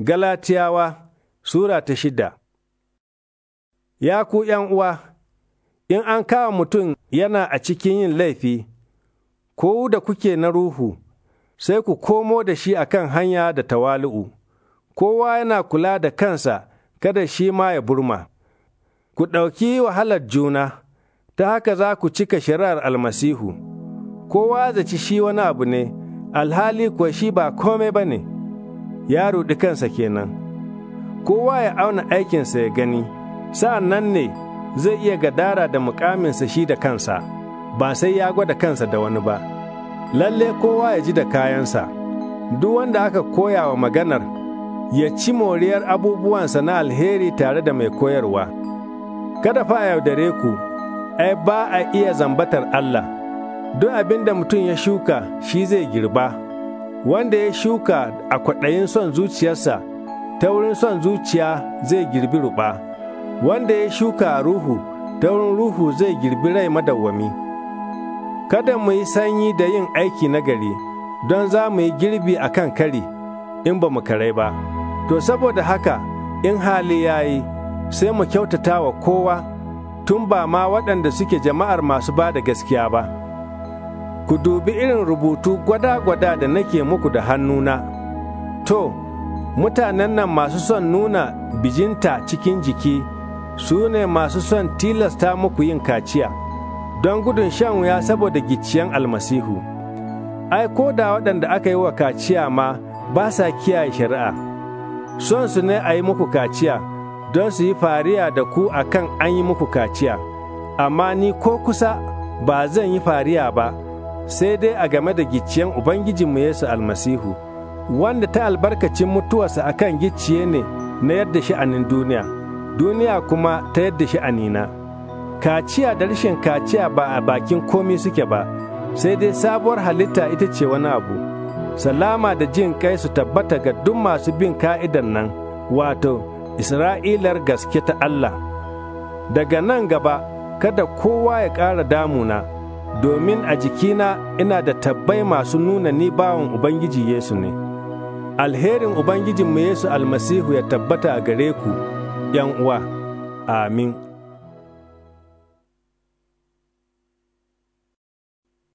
Galatiyawa Sura ta shida Ya ku uwa, in an kawo mutum yana a cikin yin laifi, ko da kuke na ruhu, sai ku komo da shi a kan hanya da tawali'u, kowa yana kula da kansa kada shi ma ya burma. Ku ɗauki wahalar juna, ta haka za ku cika shari'ar almasihu, kowa zaci shi wani abu ne, alhali kuwa shi ba kome ba ne. ya ruɗi kansa kenan kowa ya auna aikinsa ya gani sa'an nan ne zai iya gadara da mukaminsa shi da kansa ba sai ya gwada kansa da wani ba lalle kowa ya ji da kayansa duk wanda aka koya wa maganar ya ci moriyar abubuwansa na alheri tare da mai koyarwa kada fa a yaudare ku ai ba a iya zambatar Allah duk abin da mutum ya shuka shi zai girba wanda ya shuka a kwaɗayin son zuciyarsa ta wurin son zuciya zai girbi ruɓa wanda ya shuka ruhu ta wurin ruhu zai girbi rai madawwami kada mu yi sanyi da yin aiki na gari don za mu yi girbi a kan kari in ba mu karai ba to saboda haka in hali ya yi sai mu kyautata wa kowa tun ba ma waɗanda suke jama'ar masu ba da gaskiya ba. ku dubi irin rubutu gwada-gwada da nake muku da hannuna. To, mutanen nan masu son nuna bijinta cikin jiki su ne masu son tilasta muku yin kaciya, don gudun shan wuya saboda gicciyen almasihu. Ai, ko da waɗanda aka yi wa kaciya ma ba sa kiyaye shari'a, son su ne a yi muku kaciya don su yi fariya da ku akan an yi muku kaciya, amma ni ko kusa ba zan yi fariya ba. sai dai a game da gicciyen Ubangijinmu Yesu almasihu, wanda ta albarkacin mutuwarsa akan gicciye ne na yadda sha'anin duniya, duniya kuma ta yadda sha'anina. Kaciya da rashin kaciya ba a bakin komi suke ba, sai dai sabuwar halitta ita ce wani abu. Salama da jin kai su tabbata ga duk masu bin ka'idan nan, wato, Isra'ilar gaske ta Allah. Daga nan gaba, kada kowa ya ƙara damuna. domin a jikina ina da tabbai masu nuna ni bawan Ubangiji Yesu ne. Alherin Ubangijinmu Yesu almasihu ya tabbata a gare ku, uwa. Amin.